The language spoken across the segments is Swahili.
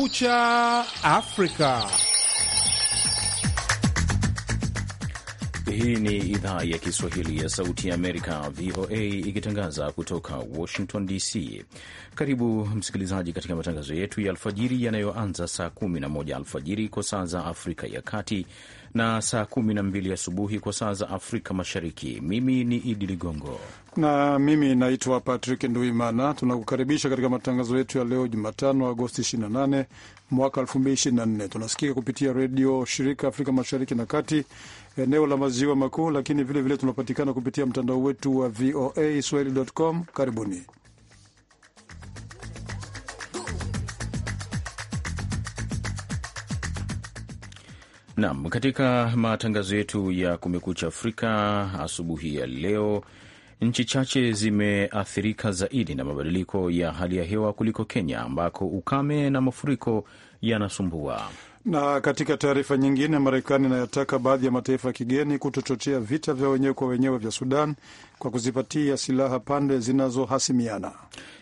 Kumekucha Afrika. Hii ni idhaa ya Kiswahili ya Sauti ya Amerika, VOA, ikitangaza kutoka Washington DC. Karibu msikilizaji katika matangazo yetu ya alfajiri yanayoanza saa 11 alfajiri kwa saa za Afrika ya Kati na saa 12 asubuhi kwa saa za Afrika Mashariki. Mimi ni Idi Ligongo na mimi naitwa Patrick Nduimana. Tunakukaribisha katika matangazo yetu ya leo Jumatano, Agosti 28 mwaka 2024. Tunasikika kupitia redio shirika Afrika Mashariki na Kati eneo la maziwa makuu, lakini vilevile vile tunapatikana kupitia mtandao wetu wa VOA swahili.com. Karibuni. nam katika matangazo yetu ya Kumekucha Afrika asubuhi ya leo, nchi chache zimeathirika zaidi na mabadiliko ya hali ya hewa kuliko Kenya ambako ukame na mafuriko yanasumbua. Na katika taarifa nyingine, Marekani inayotaka baadhi ya mataifa ya kigeni kutochochea vita vya wenyewe kwa wenyewe vya Sudan kwa kuzipatia silaha pande zinazohasimiana.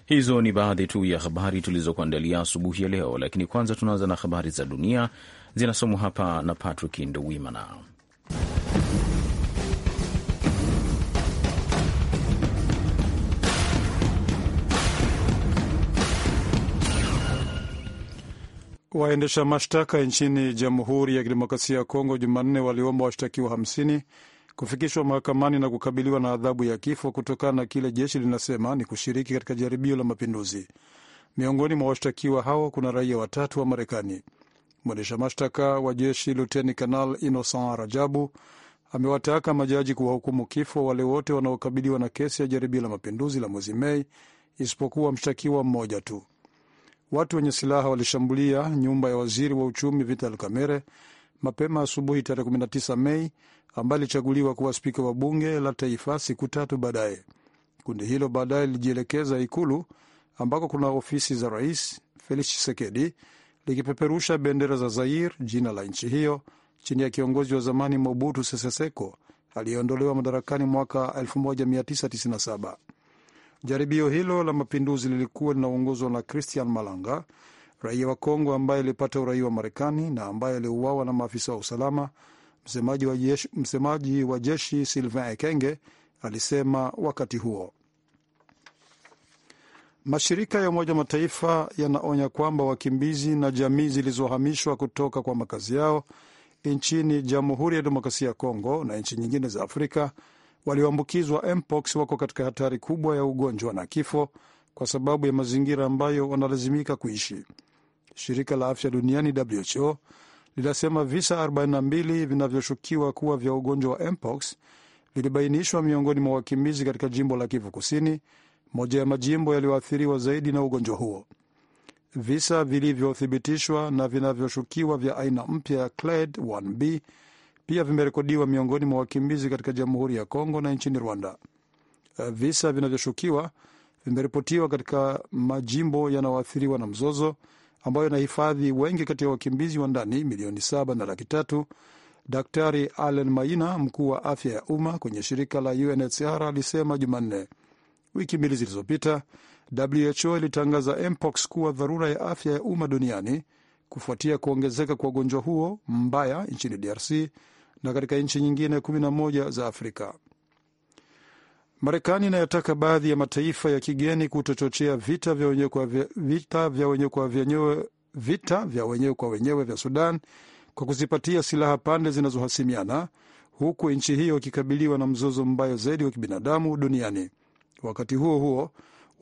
Hizo ni baadhi tu ya habari tulizokuandalia asubuhi ya leo, lakini kwanza tunaanza na habari za dunia zinasomwa hapa na Patrick Ndowimana. Waendesha mashtaka nchini Jamhuri ya Kidemokrasia ya Kongo Jumanne waliomba washtakiwa hamsini kufikishwa mahakamani na kukabiliwa na adhabu ya kifo kutokana na kile jeshi linasema ni kushiriki katika jaribio la mapinduzi. Miongoni mwa washtakiwa hao kuna raia watatu wa Marekani. Mwendesha mashtaka wa jeshi Luteni Kanal Innocent Rajabu amewataka majaji kuwahukumu kifo wale wote wanaokabiliwa na kesi ya jaribio la mapinduzi la mwezi Mei, isipokuwa mshtakiwa mmoja tu. Watu wenye silaha walishambulia nyumba ya waziri wa uchumi Vital Kamerhe mapema asubuhi tarehe 19 Mei, ambaye alichaguliwa kuwa spika wa bunge la taifa siku tatu baadaye. Kundi hilo baadaye lilijielekeza Ikulu ambako kuna ofisi za rais Felix chisekedi likipeperusha bendera za Zair, jina la nchi hiyo, chini ya kiongozi wa zamani Mobutu Sese Seko aliyeondolewa madarakani mwaka 1997. Jaribio hilo la mapinduzi lilikuwa linaongozwa na Christian Malanga, raia wa Kongo ambaye alipata uraia wa Marekani na ambaye aliuawa na maafisa wa usalama. Msemaji wa jeshi, msemaji wa jeshi Sylvain Ekenge alisema wakati huo. Mashirika ya Umoja Mataifa yanaonya kwamba wakimbizi na jamii zilizohamishwa kutoka kwa makazi yao nchini Jamhuri ya Demokrasia ya Kongo na nchi nyingine za Afrika walioambukizwa mpox wako katika hatari kubwa ya ugonjwa na kifo kwa sababu ya mazingira ambayo wanalazimika kuishi. Shirika la afya duniani WHO linasema visa 42 vinavyoshukiwa kuwa vya ugonjwa wa mpox vilibainishwa miongoni mwa wakimbizi katika jimbo la Kivu Kusini, moja ya majimbo yaliyoathiriwa zaidi na ugonjwa huo. Visa vilivyothibitishwa na vinavyoshukiwa vya aina mpya ya clade 1b pia vimerekodiwa miongoni mwa wakimbizi katika Jamhuri ya Kongo na nchini Rwanda. Eh, visa vinavyoshukiwa vimeripotiwa katika majimbo yanayoathiriwa na mzozo ambayo yanahifadhi wengi kati ya wakimbizi wa ndani milioni saba na laki tatu. Daktari Allen Maina, mkuu wa afya ya umma kwenye shirika la UNHCR, alisema Jumanne. Wiki mbili zilizopita, WHO ilitangaza mpox kuwa dharura ya afya ya umma duniani kufuatia kuongezeka kwa ugonjwa huo mbaya nchini DRC na katika nchi nyingine 11 za Afrika. Marekani inayotaka baadhi ya mataifa ya kigeni kutochochea vita vya wenyewe kwa wenyewe vita vya wenyewe kwa wenyewe vya Sudan kwa kuzipatia silaha pande zinazohasimiana, huku nchi hiyo ikikabiliwa na mzozo mbaya zaidi wa kibinadamu duniani. Wakati huo huo,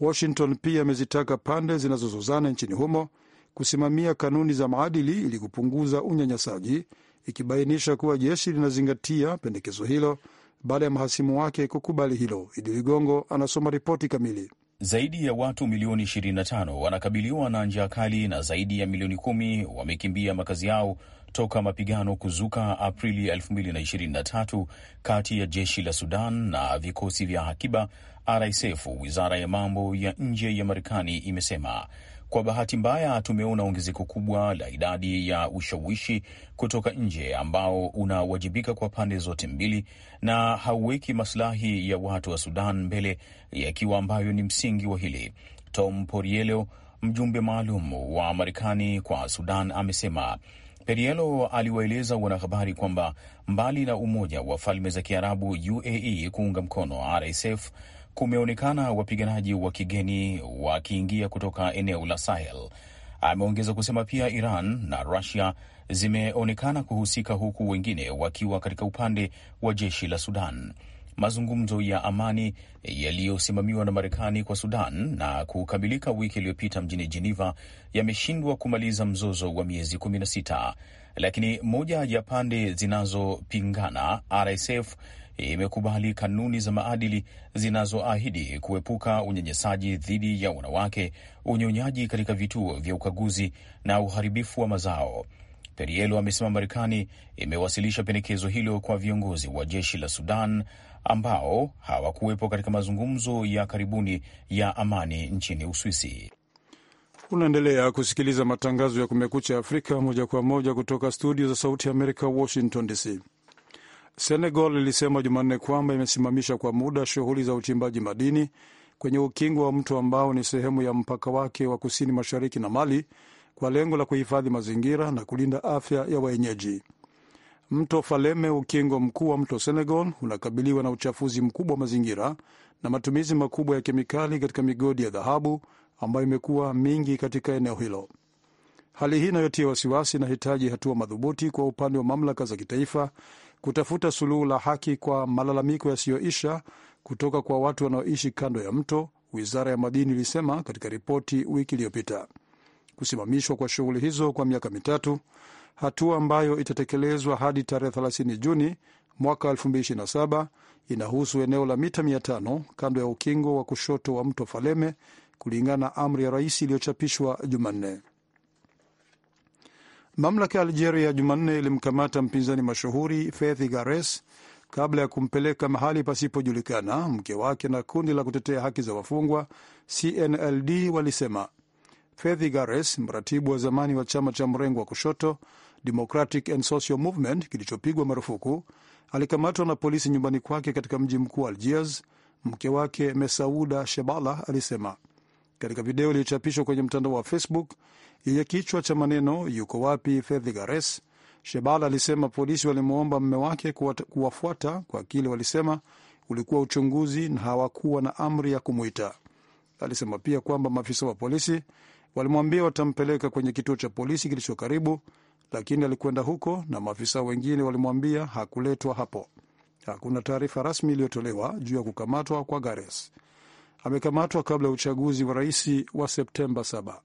Washington pia amezitaka pande zinazozozana nchini humo kusimamia kanuni za maadili ili kupunguza unyanyasaji ikibainisha kuwa jeshi linazingatia pendekezo hilo baada ya mahasimu wake kukubali hilo. Idi Ligongo anasoma ripoti kamili. Zaidi ya watu milioni 25 wanakabiliwa na njaa kali na zaidi ya milioni kumi wamekimbia makazi yao toka mapigano kuzuka Aprili 2023 kati ya jeshi la Sudan na vikosi vya akiba RSF, wizara ya mambo ya nje ya Marekani imesema. Kwa bahati mbaya, tumeona ongezeko kubwa la idadi ya ushawishi kutoka nje ambao unawajibika kwa pande zote mbili na hauweki masilahi ya watu wa Sudan mbele, yakiwa ambayo ni msingi wa hili. Tom Porielo, mjumbe maalum wa Marekani kwa Sudan, amesema. Perielo aliwaeleza wanahabari kwamba mbali na Umoja wa Falme za Kiarabu UAE kuunga mkono RSF kumeonekana wapiganaji wa kigeni wakiingia kutoka eneo la Sahel. Ameongeza kusema pia Iran na Rusia zimeonekana kuhusika huku wengine wakiwa katika upande wa jeshi la Sudan. Mazungumzo ya amani yaliyosimamiwa na Marekani kwa Sudan na kukamilika wiki iliyopita mjini Geneva yameshindwa kumaliza mzozo wa miezi 16 lakini moja ya pande zinazopingana RSF imekubali kanuni za maadili zinazoahidi kuepuka unyanyasaji dhidi ya wanawake, unyonyaji katika vituo vya ukaguzi na uharibifu wa mazao. Perielo amesema Marekani imewasilisha pendekezo hilo kwa viongozi wa jeshi la Sudan ambao hawakuwepo katika mazungumzo ya karibuni ya amani nchini Uswisi. Unaendelea kusikiliza matangazo ya Kumekucha Afrika moja kwa moja kutoka studio za Sauti ya Amerika, Washington DC. Senegal ilisema Jumanne kwamba imesimamisha kwa muda shughuli za uchimbaji madini kwenye ukingo wa mto ambao ni sehemu ya mpaka wake wa kusini mashariki na Mali kwa lengo la kuhifadhi mazingira na kulinda afya ya wenyeji. Mto Faleme, ukingo mkuu wa mto Senegal, unakabiliwa na uchafuzi mkubwa wa mazingira na matumizi makubwa ya kemikali katika migodi ya dhahabu ambayo imekuwa mingi katika eneo hilo. Hali hii inayotia wasiwasi inahitaji hatua madhubuti kwa upande wa mamlaka za kitaifa kutafuta suluhu la haki kwa malalamiko yasiyoisha kutoka kwa watu wanaoishi kando ya mto, wizara ya madini ilisema katika ripoti wiki iliyopita. Kusimamishwa kwa shughuli hizo kwa miaka mitatu, hatua ambayo itatekelezwa hadi tarehe 30 Juni mwaka 2027, inahusu eneo la mita 500 kando ya ukingo wa kushoto wa mto Faleme, kulingana na amri ya rais iliyochapishwa Jumanne. Mamlaka ya Algeria Jumanne ilimkamata mpinzani mashuhuri fethi Gares kabla ya kumpeleka mahali pasipojulikana. Mke wake na kundi la kutetea haki za wafungwa CNLD walisema fethi Gares, mratibu wa zamani wa chama cha mrengo wa kushoto Democratic and Social Movement kilichopigwa marufuku, alikamatwa na polisi nyumbani kwake katika mji mkuu wa Algiers. Mke wake Mesauda Shebala alisema katika video iliyochapishwa kwenye mtandao wa Facebook yenye kichwa cha maneno yuko wapi gares shebal alisema polisi walimwomba mme wake kuwafuata kwa kile walisema ulikuwa uchunguzi na hawakuwa na amri ya kumwita. Alisema pia kwamba maafisa wa polisi walimwambia watampeleka kwenye kituo cha polisi kilicho karibu, lakini alikwenda huko na maafisa wengine walimwambia hakuletwa hapo. Hakuna taarifa rasmi iliyotolewa juu ya kukamatwa kwa Gares amekamatwa kabla ya uchaguzi wa rais wa Septemba 7.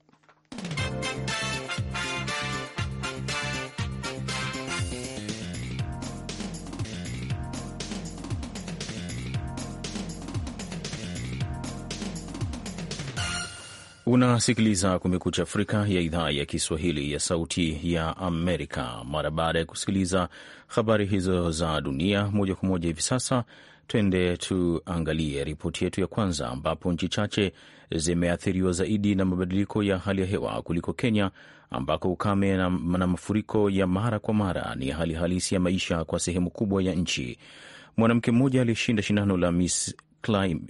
Unasikiliza Kumekucha Afrika ya idhaa ya Kiswahili ya Sauti ya Amerika. Mara baada ya kusikiliza habari hizo za dunia moja kwa moja hivi sasa. Twende tuangalie ripoti yetu ya kwanza, ambapo nchi chache zimeathiriwa zaidi na mabadiliko ya hali ya hewa kuliko Kenya, ambako ukame na, na mafuriko ya mara kwa mara ni hali halisi ya maisha kwa sehemu kubwa ya nchi. Mwanamke mmoja aliyeshinda shindano la Miss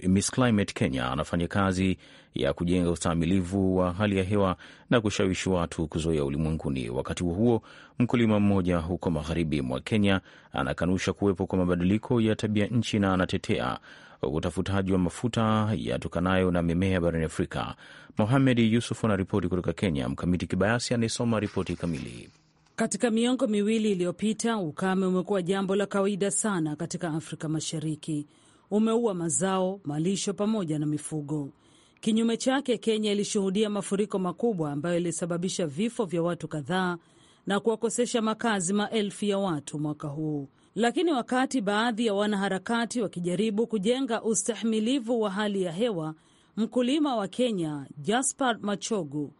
Miss Climate Kenya anafanya kazi ya kujenga ustahimilivu wa hali ya hewa na kushawishi watu kuzoea ulimwenguni. Wakati huo huo, mkulima mmoja huko magharibi mwa Kenya anakanusha kuwepo kwa mabadiliko ya tabia nchi na anatetea utafutaji wa mafuta yatokanayo na mimea barani Afrika. Mohamed Yusuf anaripoti kutoka Kenya. Mkamiti Kibayasi anayesoma ripoti kamili. Katika miongo miwili iliyopita, ukame umekuwa jambo la kawaida sana katika Afrika Mashariki umeua mazao, malisho pamoja na mifugo. Kinyume chake, Kenya ilishuhudia mafuriko makubwa ambayo ilisababisha vifo vya watu kadhaa na kuwakosesha makazi maelfu ya watu mwaka huu. Lakini wakati baadhi ya wanaharakati wakijaribu kujenga ustahimilivu wa hali ya hewa, mkulima wa Kenya Jaspar Machogu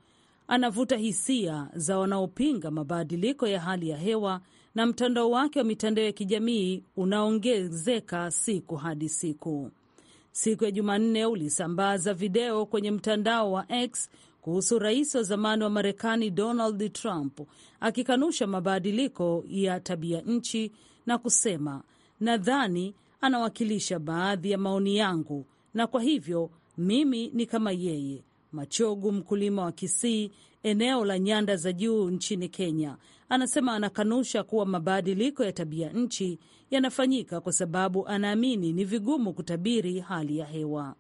anavuta hisia za wanaopinga mabadiliko ya hali ya hewa na mtandao wake wa mitandao ya kijamii unaongezeka siku hadi siku. Siku ya Jumanne ulisambaza video kwenye mtandao wa X kuhusu rais wa zamani wa Marekani Donald Trump akikanusha mabadiliko ya tabia nchi na kusema, nadhani anawakilisha baadhi ya maoni yangu, na kwa hivyo mimi ni kama yeye. Machogu, mkulima wa Kisii, eneo la nyanda za juu nchini Kenya, Anasema anakanusha kuwa mabadiliko ya tabia nchi yanafanyika kwa sababu anaamini ni vigumu kutabiri hali ya hewa.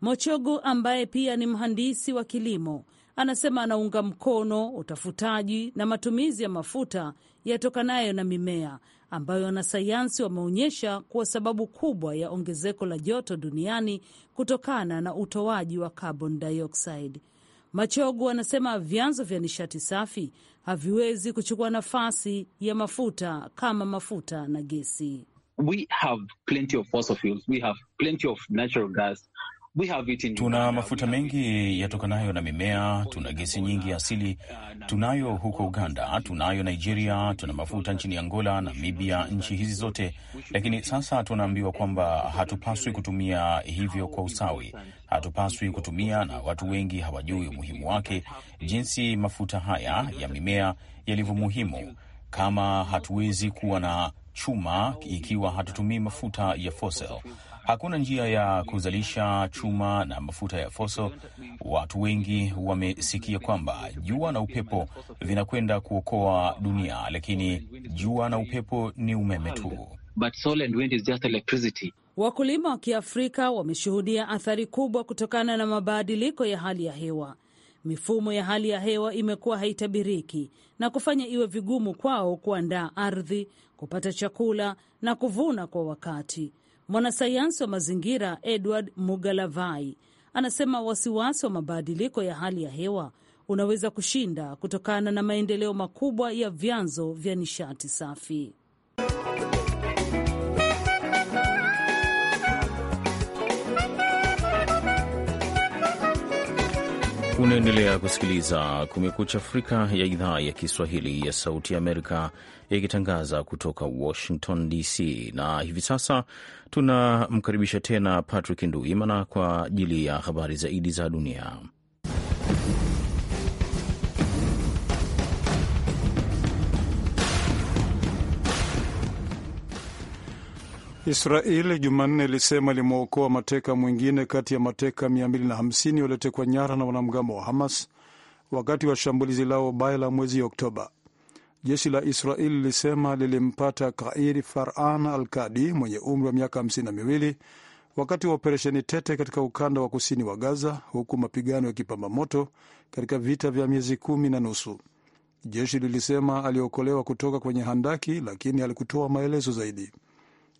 Mochogu ambaye pia ni mhandisi wa kilimo anasema anaunga mkono utafutaji na matumizi ya mafuta yatokanayo na mimea ambayo wanasayansi wameonyesha kuwa sababu kubwa ya ongezeko la joto duniani kutokana na utoaji wa carbon dioxide. Machogu anasema vyanzo vya nishati safi haviwezi kuchukua nafasi ya mafuta kama mafuta na gesi. We have plenty of fossil fuels. We have plenty of natural gas. Tuna mafuta mengi yatokanayo na mimea, tuna gesi nyingi asili, tunayo huko Uganda, tunayo Nigeria, tuna mafuta nchini Angola, Namibia, nchi hizi zote. Lakini sasa tunaambiwa kwamba hatupaswi kutumia hivyo kwa usawi, hatupaswi kutumia, na watu wengi hawajui umuhimu wake, jinsi mafuta haya ya mimea yalivyo muhimu. Kama hatuwezi kuwa na chuma ikiwa hatutumii mafuta ya fossil Hakuna njia ya kuzalisha chuma na mafuta ya foso. Watu wengi wamesikia kwamba jua na upepo vinakwenda kuokoa dunia, lakini jua na upepo ni umeme tu. Wakulima wa Kiafrika wameshuhudia athari kubwa kutokana na mabadiliko ya hali ya hewa. Mifumo ya hali ya hewa imekuwa haitabiriki na kufanya iwe vigumu kwao kuandaa ardhi, kupata chakula na kuvuna kwa wakati. Mwanasayansi wa mazingira Edward Mugalavai anasema wasiwasi wa mabadiliko ya hali ya hewa unaweza kushinda kutokana na maendeleo makubwa ya vyanzo vya nishati safi. Unaendelea kusikiliza Kumekucha Afrika ya idhaa ya Kiswahili ya Sauti Amerika ikitangaza kutoka Washington DC, na hivi sasa tunamkaribisha tena Patrick Nduimana kwa ajili ya habari zaidi za dunia. Israel Jumanne ilisema ilimwokoa mateka mwingine kati ya mateka 250 waliotekwa nyara na wanamgambo wa Hamas wakati wa shambulizi lao baya la mwezi Oktoba. Jeshi la Israel lilisema lilimpata Kair Faran Alkadi mwenye umri wa miaka 5 miwili wakati wa operesheni tete katika ukanda wa kusini wa Gaza, huku mapigano yakipamba moto katika vita vya miezi kumi na nusu. Jeshi lilisema aliokolewa kutoka kwenye handaki, lakini alikutoa maelezo zaidi.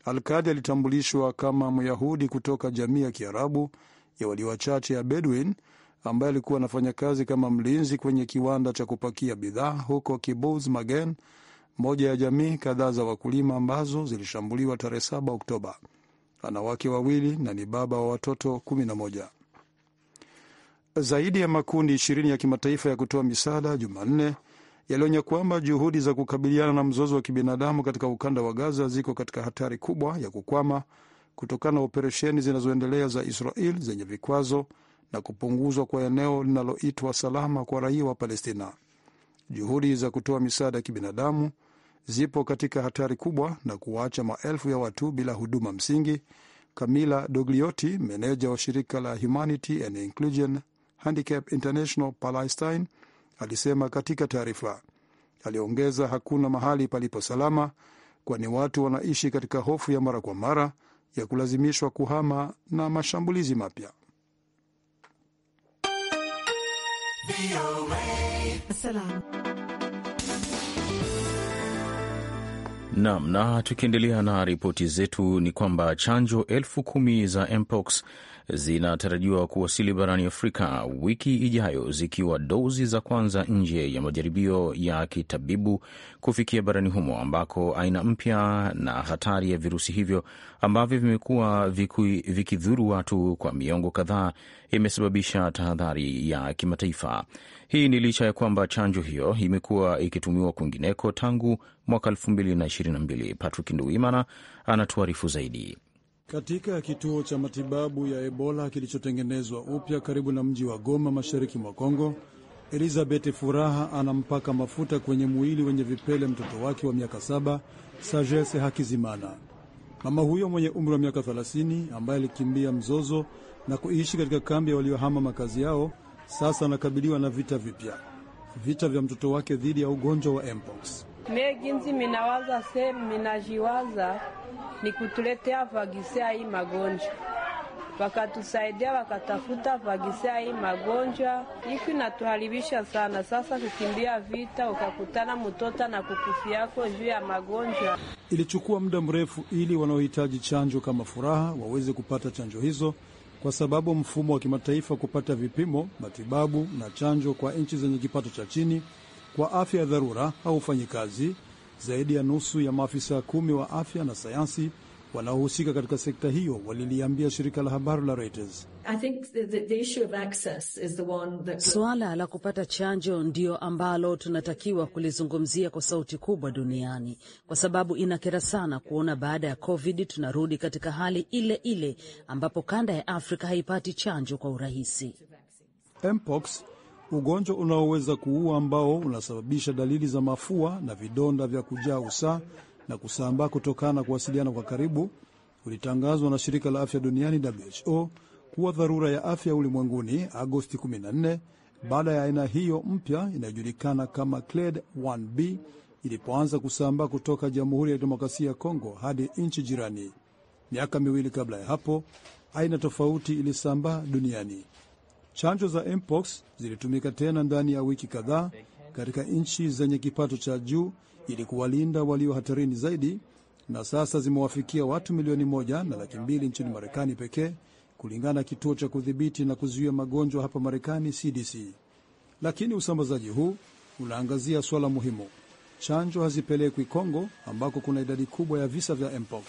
Alkadi alitambulishwa kama Myahudi kutoka jamii ya Kiarabu ya walio wachache ya bedwin ambaye alikuwa anafanya kazi kama mlinzi kwenye kiwanda cha kupakia bidhaa huko Kibuz Magen, moja ya jamii kadhaa za wakulima ambazo zilishambuliwa tarehe saba Oktoba. Ana wake wawili na ni baba wa watoto moja. Zaidi ya makundi ishirini ya kimataifa ya kutoa misaada Jumanne yalionya kwamba juhudi za kukabiliana na mzozo wa kibinadamu katika ukanda wa Gaza ziko katika hatari kubwa ya kukwama kutokana na operesheni zinazoendelea za Israel zenye vikwazo na kupunguzwa kwa eneo linaloitwa salama kwa raia wa Palestina. Juhudi za kutoa misaada ya kibinadamu zipo katika hatari kubwa na kuwaacha maelfu ya watu bila huduma msingi. kamila Dogliotti, meneja wa shirika la Humanity and Inclusion Handicap International Palestine, alisema katika taarifa. Aliongeza, hakuna mahali palipo salama, kwani watu wanaishi katika hofu ya mara kwa mara ya kulazimishwa kuhama na mashambulizi mapya. Naam, na tukiendelea na ripoti zetu ni kwamba chanjo elfu kumi za mpox zinatarajiwa kuwasili barani Afrika wiki ijayo zikiwa dozi za kwanza nje ya majaribio ya kitabibu kufikia barani humo ambako aina mpya na hatari ya virusi hivyo ambavyo vimekuwa vikidhuru watu kwa miongo kadhaa imesababisha tahadhari ya kimataifa. Hii ni licha ya kwamba chanjo hiyo imekuwa ikitumiwa kwingineko tangu mwaka 2022. Patrick Nduimana anatuarifu zaidi. Katika kituo cha matibabu ya Ebola kilichotengenezwa upya karibu na mji wa Goma, mashariki mwa Kongo, Elizabeth Furaha anampaka mafuta kwenye mwili wenye vipele mtoto wake wa miaka saba, Sagese Hakizimana. Mama huyo mwenye umri wa miaka 30 ambaye alikimbia mzozo na kuishi katika kambi ya waliohama makazi yao sasa anakabiliwa na vita vipya, vita vya mtoto wake dhidi ya ugonjwa wa mpox. Mie ginzi minawaza se minajiwaza ni kutuletea vagisea hii magonjwa, wakatusaidia wakatafuta vagisea hii magonjwa iki inatuharibisha sana. Sasa kukimbia vita, ukakutana mtoto na kukufi yako juu ya magonjwa. Ilichukua muda mrefu ili wanaohitaji chanjo kama Furaha waweze kupata chanjo hizo kwa sababu mfumo wa kimataifa kupata vipimo, matibabu na chanjo kwa nchi zenye kipato cha chini kwa afya ya dharura haufanyi kazi. Zaidi ya nusu ya maafisa kumi wa afya na sayansi wanaohusika katika sekta hiyo waliliambia shirika la habari la Reuters. Suala la kupata chanjo ndiyo ambalo tunatakiwa kulizungumzia kwa sauti kubwa duniani, kwa sababu inakera sana kuona baada ya COVID tunarudi katika hali ile ile ambapo kanda ya Afrika haipati chanjo kwa urahisi. Mpox, ugonjwa unaoweza kuua ambao unasababisha dalili za mafua na vidonda vya kujaa usaa na kusambaa kutokana na kuwasiliana kwa karibu ulitangazwa na shirika la afya duniani WHO kuwa dharura ya afya ulimwenguni Agosti 14 baada ya aina hiyo mpya inayojulikana kama Clade 1b ilipoanza kusambaa kutoka Jamhuri ya Demokrasia ya Kongo hadi nchi jirani. Miaka miwili kabla ya hapo, aina tofauti ilisambaa duniani. Chanjo za mpox zilitumika tena ndani ya wiki kadhaa katika nchi zenye kipato cha juu ili kuwalinda walio hatarini zaidi, na sasa zimewafikia watu milioni moja na laki mbili nchini Marekani pekee, kulingana na kituo cha kudhibiti na kuzuia magonjwa hapa Marekani, CDC. Lakini usambazaji huu unaangazia swala muhimu. Chanjo hazipelekwi Kongo ambako kuna idadi kubwa ya visa vya mpox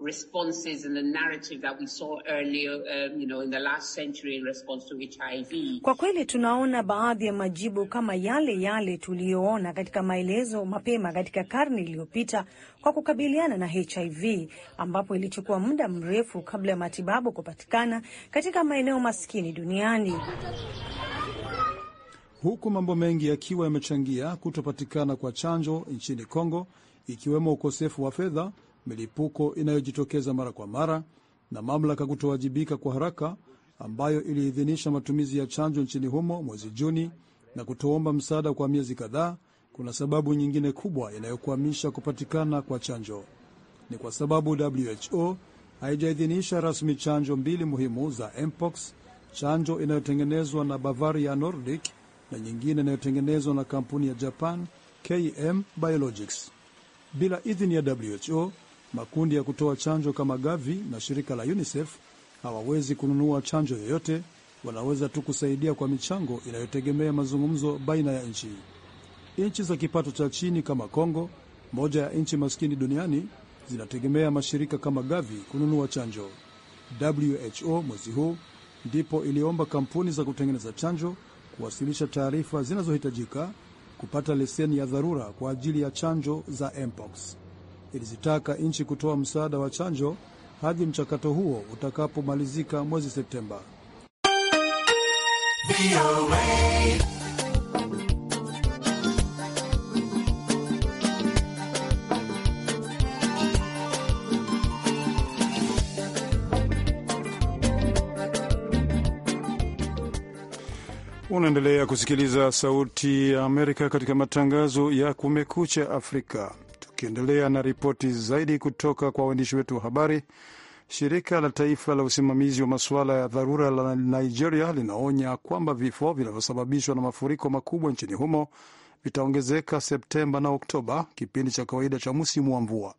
responses and the narrative that we saw earlier, um, you know, in the last century in response to HIV. Kwa kweli tunaona baadhi ya majibu kama yale yale tuliyoona katika maelezo mapema katika karne iliyopita kwa kukabiliana na HIV ambapo ilichukua muda mrefu kabla ya matibabu kupatikana katika maeneo maskini duniani. Huku mambo mengi yakiwa yamechangia kutopatikana kwa chanjo nchini Kongo, ikiwemo ukosefu wa fedha milipuko inayojitokeza mara kwa mara na mamlaka kutowajibika kwa haraka, ambayo iliidhinisha matumizi ya chanjo nchini humo mwezi Juni na kutoomba msaada kwa miezi kadhaa, kuna sababu nyingine kubwa inayokwamisha kupatikana kwa chanjo. Ni kwa sababu WHO haijaidhinisha rasmi chanjo mbili muhimu za mpox, chanjo inayotengenezwa na Bavaria Nordic na nyingine inayotengenezwa na kampuni ya Japan KM Biologics. Bila idhini ya WHO, Makundi ya kutoa chanjo kama Gavi na shirika la UNICEF hawawezi kununua chanjo yoyote, wanaweza tu kusaidia kwa michango inayotegemea mazungumzo baina ya nchi. Nchi za kipato cha chini kama Kongo, moja ya nchi maskini duniani, zinategemea mashirika kama Gavi kununua chanjo. WHO mwezi huu ndipo iliomba kampuni za kutengeneza chanjo kuwasilisha taarifa zinazohitajika kupata leseni ya dharura kwa ajili ya chanjo za mpox ilizitaka nchi kutoa msaada wa chanjo hadi mchakato huo utakapomalizika mwezi Septemba. Unaendelea kusikiliza Sauti ya Amerika katika matangazo ya Kumekucha Afrika. Tukiendelea na ripoti zaidi kutoka kwa waandishi wetu wa habari, shirika la taifa la usimamizi wa masuala ya dharura la Nigeria linaonya kwamba vifo vinavyosababishwa na mafuriko makubwa nchini humo vitaongezeka Septemba na Oktoba, kipindi cha kawaida cha msimu wa mvua.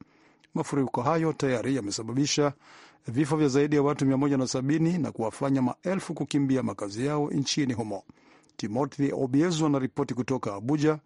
Mafuriko hayo tayari yamesababisha vifo vya zaidi ya watu 170 na kuwafanya maelfu kukimbia makazi yao nchini humo. Timothy Obiezo anaripoti kutoka Abuja.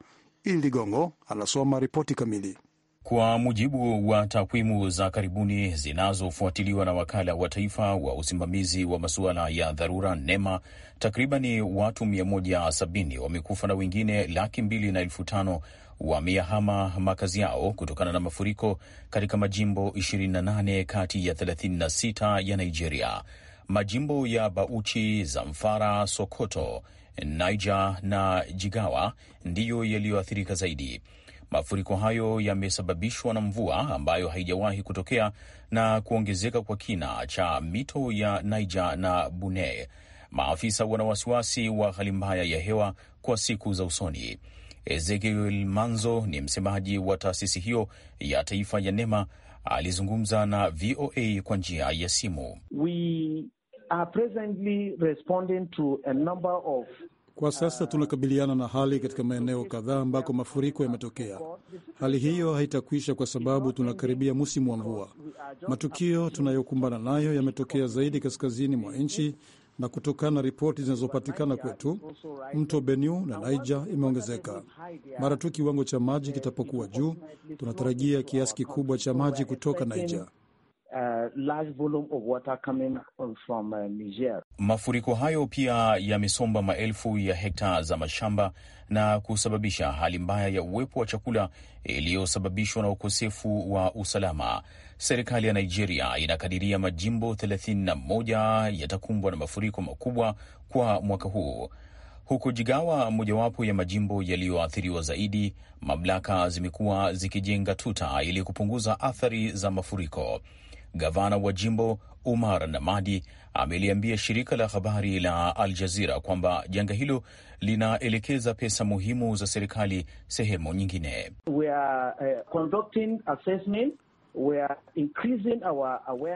Ili Ligongo anasoma ripoti kamili. Kwa mujibu wa takwimu za karibuni zinazofuatiliwa na wakala wa taifa wa usimamizi wa masuala ya dharura NEMA, takribani watu 170 wamekufa na wengine laki mbili na elfu tano wameyahama makazi yao kutokana na mafuriko katika majimbo 28 kati ya 36 ya Nigeria. Majimbo ya Bauchi, Zamfara, Sokoto, Niger na Jigawa ndiyo yaliyoathirika zaidi. Mafuriko hayo yamesababishwa na mvua ambayo haijawahi kutokea na kuongezeka kwa kina cha mito ya Niger na Bune. Maafisa wana wasiwasi wa hali mbaya ya hewa kwa siku za usoni. Ezekiel Manzo ni msemaji wa taasisi hiyo ya taifa ya NEMA, alizungumza na VOA kwa njia ya simu. We are presently responding to a number of kwa sasa tunakabiliana na hali katika maeneo kadhaa ambako mafuriko yametokea. Hali hiyo haitakwisha kwa sababu tunakaribia musimu wa mvua. Matukio tunayokumbana nayo yametokea zaidi kaskazini mwa nchi, na kutokana na ripoti zinazopatikana kwetu, mto Benue na Niger imeongezeka. Mara tu kiwango cha maji kitapokuwa juu, tunatarajia kiasi kikubwa cha maji kutoka Niger. Uh, large volume of water coming from, uh, Niger. Mafuriko hayo pia yamesomba maelfu ya hekta za mashamba na kusababisha hali mbaya ya uwepo wa chakula iliyosababishwa na ukosefu wa usalama. Serikali ya Nigeria inakadiria majimbo 31 yatakumbwa na mafuriko makubwa kwa mwaka huu. Huko Jigawa, mojawapo ya majimbo yaliyoathiriwa zaidi, mamlaka zimekuwa zikijenga tuta ili kupunguza athari za mafuriko. Gavana wa jimbo Umar Namadi ameliambia shirika la habari la Al Jazira kwamba janga hilo linaelekeza pesa muhimu za serikali sehemu nyingine. We are, uh,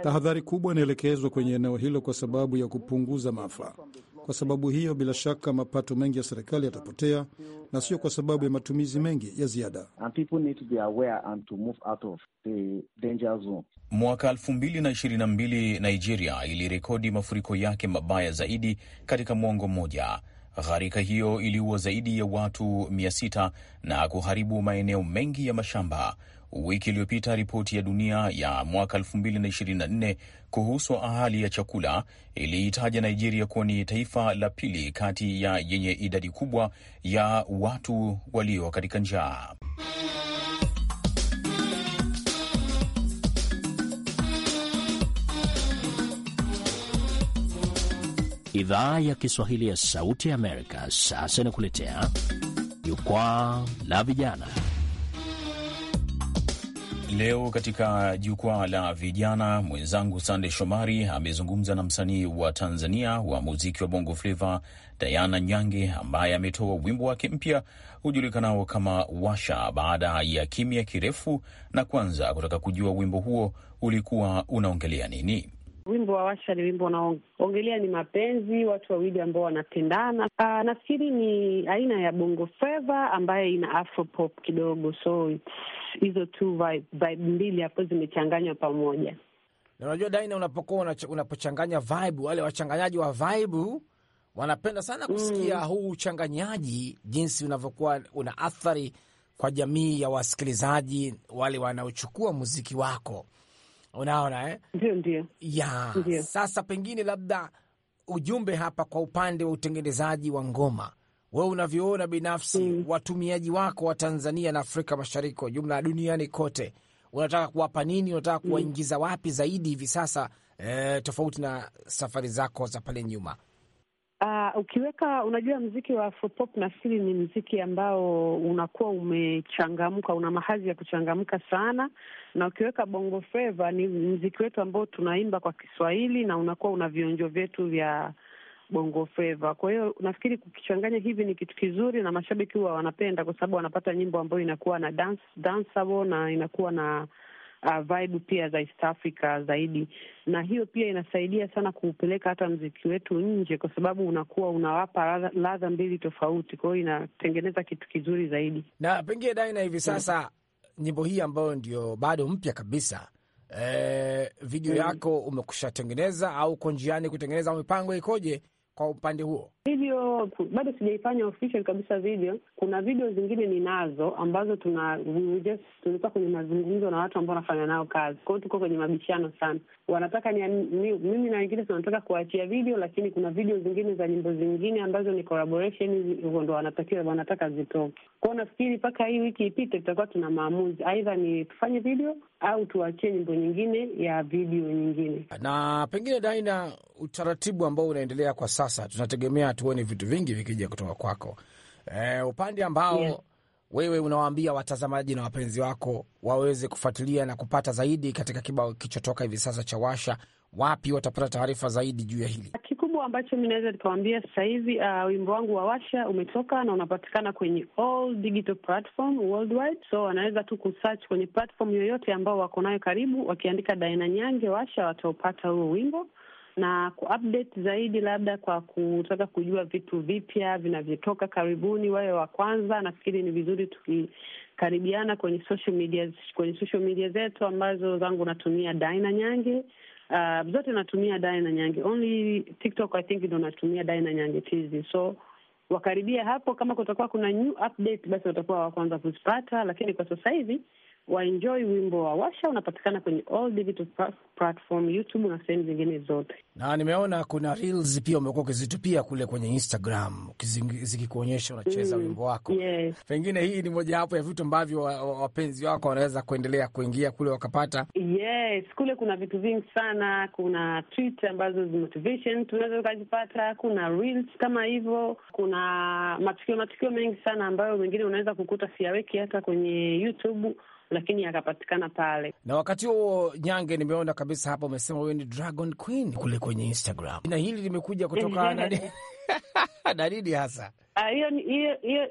Tahadhari kubwa inaelekezwa kwenye eneo hilo kwa sababu ya kupunguza maafa. Kwa sababu hiyo, bila shaka mapato mengi ya serikali yatapotea, na sio kwa sababu ya matumizi mengi ya ziada. Mwaka 2022 Nigeria ilirekodi mafuriko yake mabaya zaidi katika mwongo mmoja. Gharika hiyo iliua zaidi ya watu 6 na kuharibu maeneo mengi ya mashamba. Wiki iliyopita ripoti ya dunia ya mwaka 2024 kuhusu ahali ya chakula iliitaja Nigeria kuwa ni taifa la pili kati ya yenye idadi kubwa ya watu walio katika njaa. Idhaa ya Kiswahili ya Sauti ya Amerika sasa inakuletea jukwaa la vijana Leo katika jukwaa la vijana, mwenzangu Sande Shomari amezungumza na msanii wa Tanzania wa muziki wa bongo fleva Diana Nyange, ambaye ametoa wimbo wake mpya hujulikanao kama Washa baada ya kimya kirefu, na kwanza kutaka kujua wimbo huo ulikuwa unaongelea nini? Wimbo wa Washa ni wimbo unaongelea ni mapenzi, watu wawili ambao wanapendana. Ah, nafikiri ni aina ya bongo fleva ambayo ina afropop kidogo, so hizo tu vibe, mbili hapo zimechanganywa pamoja. Na unajua Daina, unapokuwa unapochanganya vibe, wale wachanganyaji wa vibe wanapenda sana mm. kusikia mm, huu uchanganyaji jinsi unavyokuwa una athari kwa jamii ya wasikilizaji wale wanaochukua muziki wako, unaona eh? Ndio, ndio. Ya, ndio. Sasa pengine labda ujumbe hapa kwa upande wa utengenezaji wa ngoma we unavyoona binafsi mm, watumiaji wako wa Tanzania na Afrika Mashariki kwa jumla duniani kote, unataka kuwapa nini? Unataka mm. kuwaingiza wapi zaidi hivi sasa, eh, tofauti na safari zako za pale nyuma? Uh, ukiweka unajua, mziki wa Afropop nafikiri ni mziki ambao unakuwa umechangamka, una mahadhi ya kuchangamka sana, na ukiweka Bongo Flava ni mziki wetu ambao tunaimba kwa Kiswahili na unakuwa una vionjo vyetu vya bongo fleva. Kwa hiyo nafikiri kukichanganya hivi ni kitu kizuri, na mashabiki huwa wanapenda kwa sababu wanapata nyimbo ambayo inakuwa na dance, danceable na inakuwa na uh, vibe pia za East Africa zaidi, na hiyo pia inasaidia sana kuupeleka hata mziki wetu nje, kwa sababu unakuwa unawapa ladha mbili tofauti. Kwa hiyo inatengeneza kitu kizuri zaidi. Na pengine Daina, hivi sasa yeah, nyimbo hii ambayo ndio bado mpya kabisa eh, video mm. yako umekushatengeneza au uko njiani kutengeneza au mipango ikoje kwa upande huo. Hivyo bado sijaifanya official kabisa video. Kuna video zingine ninazo ambazo tuna tulikuwa kwenye mazungumzo na watu ambao wanafanya nao kazi, kwao, tuko kwenye mabishano sana, wanataka ni, ni, mimi na wengine tunataka kuachia video, lakini kuna video zingine za nyimbo zingine ambazo ni collaboration, hivyo ndo wanatakiwa wanataka zitoke kwao. Nafikiri mpaka hii wiki ipite, tutakuwa tuna maamuzi, aidha ni tufanye video au tuachie nyimbo nyingine ya video nyingine. Na pengine Daina, utaratibu ambao unaendelea kwa sasa tunategemea tuone vitu vingi vikija kutoka kwako. Eh, upande ambao yeah, wewe unawaambia watazamaji na wapenzi wako waweze kufuatilia na kupata zaidi katika kibao kichotoka hivi sasa cha Washa, wapi watapata taarifa zaidi juu ya hili? Kikubwa ambacho mi naweza nikawaambia sasa hivi, uh, wimbo wangu wa Washa umetoka na unapatikana kwenye all digital platform worldwide, so wanaweza tu kusearch kwenye platform yoyote ambao wako nayo karibu, wakiandika Daina Nyange Washa wataupata huo wimbo na kuupdate zaidi, labda kwa kutaka kujua vitu vipya vinavyotoka karibuni, wawe wa kwanza. Nafikiri ni vizuri tukikaribiana kwenye social media, kwenye social media zetu ambazo zangu natumia Daina Nyange. Uh, zote natumia Daina Nyange, only TikTok I think ndo natumia Daina Nyange tizi so wakaribia hapo, kama kutakuwa kuna new update basi watakuwa wa kwanza kuzipata, lakini kwa sasa hivi waenjoy wimbo wa Washa. Unapatikana kwenye all digital platform, YouTube na sehemu zingine zote. Na nimeona kuna reels pia umekuwa ukizitupia kule kwenye Instagram zikikuonyesha unacheza mm, wimbo wako yes. Pengine hii ni mojawapo ya vitu ambavyo wapenzi wako wanaweza kuendelea kuingia kule wakapata. Yes, kule kuna vitu vingi sana. Kuna tweet ambazo tunaweza ukazipata, kuna reels kama hivyo, kuna matukio matukio mengi sana ambayo mengine unaweza kukuta siyaweki hata kwenye YouTube lakini yakapatikana pale. Na wakati huo, Nyange, nimeona kabisa hapa umesema wewe ni Dragon Queen kule kwenye Instagram, na hili limekuja kutoka nani? na nini hasa ah, hiyo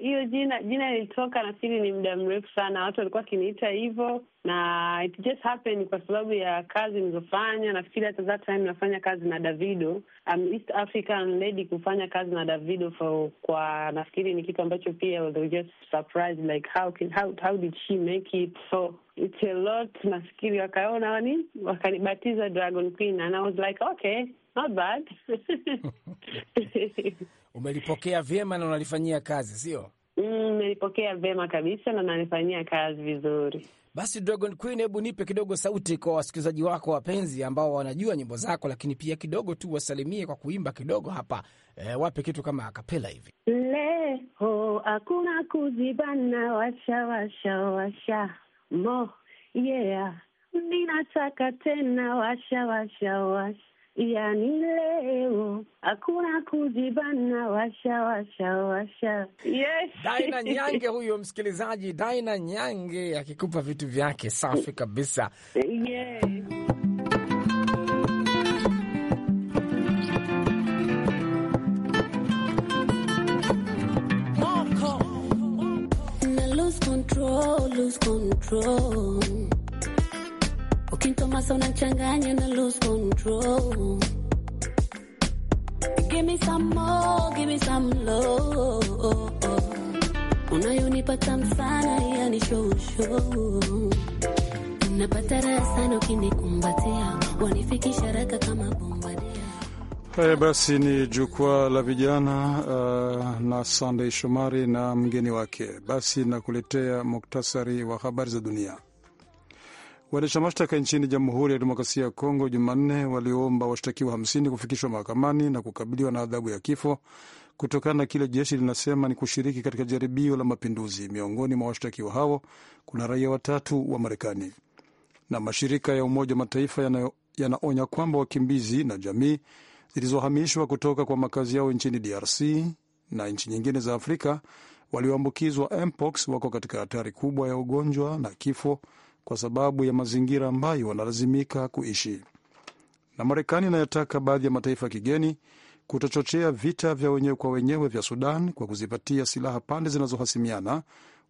hiyo jina jina lilitoka, nafikiri ni muda mrefu sana, watu walikuwa wakiniita hivyo, na it just happened kwa sababu ya kazi nilizofanya. Nafikiri hata that time nafanya kazi na Davido, I'm East African lady, kufanya kazi na Davido for, kwa nafikiri ni kitu ambacho pia they just surprised like how can, how, how did she make it so it's a lot. Nafikiri wakaona wani wakanibatiza Dragon Queen and I was like okay Not bad. Umelipokea vyema na unalifanyia kazi, sio? Nimelipokea mm, vyema kabisa na nalifanyia kazi vizuri. Basi Dragon Queen, hebu nipe kidogo sauti kwa wasikilizaji wako wapenzi ambao wanajua nyimbo zako, lakini pia kidogo tu wasalimie kwa kuimba kidogo hapa. E, wape kitu kama akapela hivi. Leo hakuna kuzibana, washa washa washa mo yeah, ninataka tena washa washa washa yani leo hakuna kujibana, washa washa washa. Yes. Daina Nyange huyo msikilizaji, Daina Nyange akikupa vitu vyake safi kabisa. Yes. Lose control, lose control. Sintomasa unachanganya na lose control. Give me some more, give me some yani show show. Napata raha sana ukinikumbatia, wanifikisha haraka kama bomba. Eh, basi ni jukwaa la vijana uh, na Sunday Shomari na mgeni wake. Basi nakuletea muktasari wa habari za dunia. Waendesha mashtaka nchini Jamhuri ya Demokrasia ya Kongo Jumanne waliomba washtakiwa hamsini kufikishwa mahakamani na kukabiliwa na adhabu ya kifo kutokana na kile jeshi linasema ni kushiriki katika jaribio la mapinduzi. Miongoni mwa washtakiwa hao kuna raia watatu wa Marekani. Na mashirika ya Umoja wa Mataifa yana, yanaonya kwamba wakimbizi na jamii zilizohamishwa kutoka kwa makazi yao nchini DRC na nchi nyingine za Afrika walioambukizwa mpox wako katika hatari kubwa ya ugonjwa na kifo kwa sababu ya mazingira ambayo wanalazimika kuishi. Na Marekani inayotaka baadhi ya mataifa ya kigeni kutochochea vita vya wenyewe kwa wenyewe vya Sudan kwa kuzipatia silaha pande zinazohasimiana,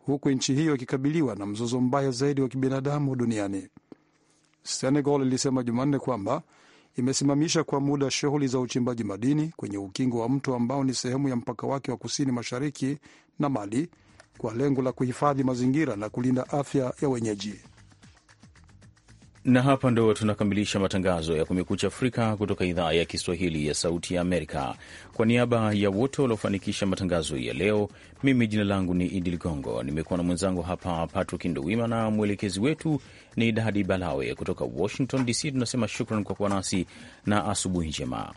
huku nchi hiyo ikikabiliwa na mzozo mbaya zaidi wa kibinadamu duniani. Senegal ilisema Jumanne kwamba imesimamisha kwa muda shughuli za uchimbaji madini kwenye ukingo wa mto ambao ni sehemu ya mpaka wake wa kusini mashariki na Mali kwa lengo la kuhifadhi mazingira na kulinda afya ya wenyeji na hapa ndo tunakamilisha matangazo ya Kumekucha Afrika kutoka idhaa ya Kiswahili ya Sauti ya Amerika. Kwa niaba ya wote waliofanikisha matangazo ya leo, mimi jina langu ni Idi Ligongo, nimekuwa na mwenzangu hapa Patrick Nduwima, na mwelekezi wetu ni Dadi Balawe. Kutoka Washington DC tunasema shukran kwa kuwa nasi na asubuhi njema.